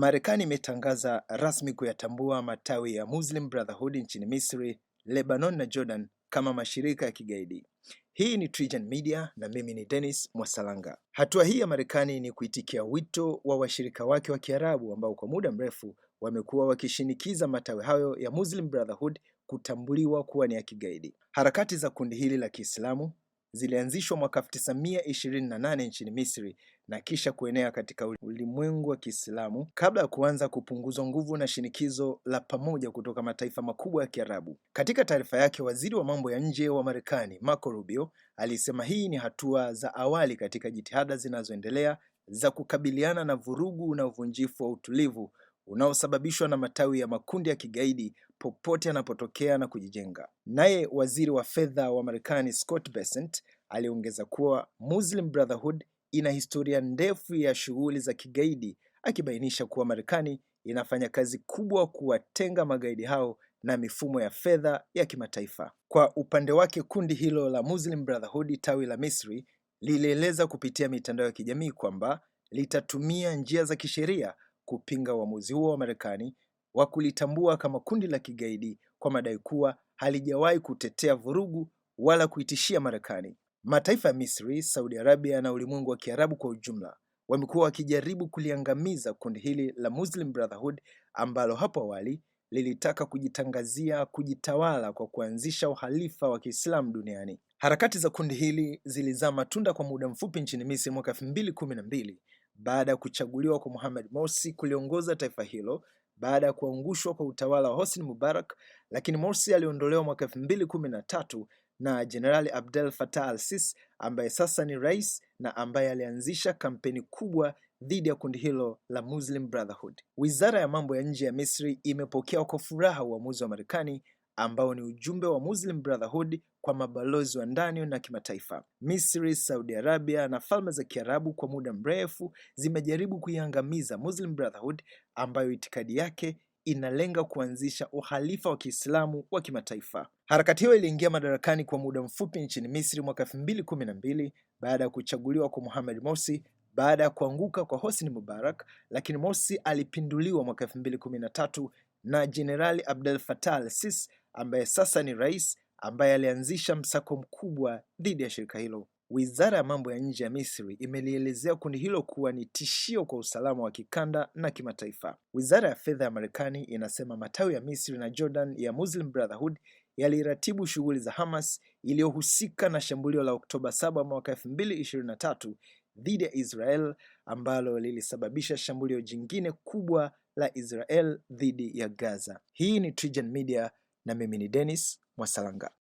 Marekani imetangaza rasmi kuyatambua matawi ya Muslim Brotherhood nchini Misri, Lebanon na Jordan kama mashirika ya kigaidi. Hii ni TriGen Media na mimi ni Dennis Mwasalanga. Hatua hii ya Marekani ni kuitikia wito wa washirika wake wa Kiarabu ambao kwa muda mrefu wamekuwa wakishinikiza matawi hayo ya Muslim Brotherhood kutambuliwa kuwa ni ya kigaidi. Harakati za kundi hili la Kiislamu zilianzishwa mwaka 1928 nchini Misri na kisha kuenea katika ulimwengu wa Kiislamu kabla ya kuanza kupunguzwa nguvu na shinikizo la pamoja kutoka mataifa makubwa ya Kiarabu. Katika taarifa yake, waziri wa mambo ya nje wa Marekani Marco Rubio alisema hii ni hatua za awali katika jitihada zinazoendelea za kukabiliana na vurugu na uvunjifu wa utulivu unaosababishwa na matawi ya makundi ya kigaidi popote yanapotokea na kujijenga. Naye waziri wa fedha wa Marekani Scott Bessent aliongeza kuwa Muslim Brotherhood ina historia ndefu ya shughuli za kigaidi, akibainisha kuwa Marekani inafanya kazi kubwa kuwatenga magaidi hao na mifumo ya fedha ya kimataifa. Kwa upande wake, kundi hilo la Muslim Brotherhood tawi la Misri lilieleza kupitia mitandao ya kijamii kwamba litatumia njia za kisheria kupinga uamuzi huo wa Marekani wa kulitambua kama kundi la kigaidi kwa madai kuwa halijawahi kutetea vurugu wala kuitishia Marekani. Mataifa ya Misri, Saudi Arabia na ulimwengu wa Kiarabu kwa ujumla wamekuwa wakijaribu kuliangamiza kundi hili la Muslim Brotherhood ambalo hapo awali lilitaka kujitangazia kujitawala kwa kuanzisha uhalifa wa Kiislamu duniani. Harakati za kundi hili zilizaa matunda kwa muda mfupi nchini Misri mwaka 2012 baada ya kuchaguliwa kwa Mohamed Morsi kuliongoza taifa hilo baada ya kuangushwa kwa utawala wa Hosni Mubarak, lakini Morsi aliondolewa mwaka 2013 na Jenerali Abdel Fattah al-Sisi ambaye sasa ni rais na ambaye alianzisha kampeni kubwa dhidi ya kundi hilo la Muslim Brotherhood. Wizara ya mambo ya nje ya Misri imepokea kwa furaha uamuzi wa Marekani ambao ni ujumbe wa Muslim Brotherhood kwa mabalozi wa ndani na kimataifa. Misri, Saudi Arabia na falme za Kiarabu kwa muda mrefu zimejaribu kuiangamiza Muslim Brotherhood ambayo itikadi yake inalenga kuanzisha uhalifa wa Kiislamu wa kimataifa. Harakati hiyo iliingia madarakani kwa muda mfupi nchini Misri mwaka 2012 baada ya kuchaguliwa kwa Mohamed Morsi baada ya kuanguka kwa Hosni Mubarak, lakini Morsi alipinduliwa mwaka 2013 na Jenerali Abdel Fattah al-Sisi ambaye sasa ni rais ambaye alianzisha msako mkubwa dhidi ya shirika hilo. Wizara ya mambo ya nje ya Misri imelielezea kundi hilo kuwa ni tishio kwa usalama wa kikanda na kimataifa. Wizara ya fedha ya Marekani inasema matawi ya Misri na Jordan ya Muslim Brotherhood yaliratibu shughuli za Hamas iliyohusika na shambulio la Oktoba 7 mwaka 2023 dhidi ya Israel ambalo lilisababisha shambulio jingine kubwa la Israel dhidi ya Gaza. Hii ni TriGen Media na mimi ni Dennis Mwasalanga.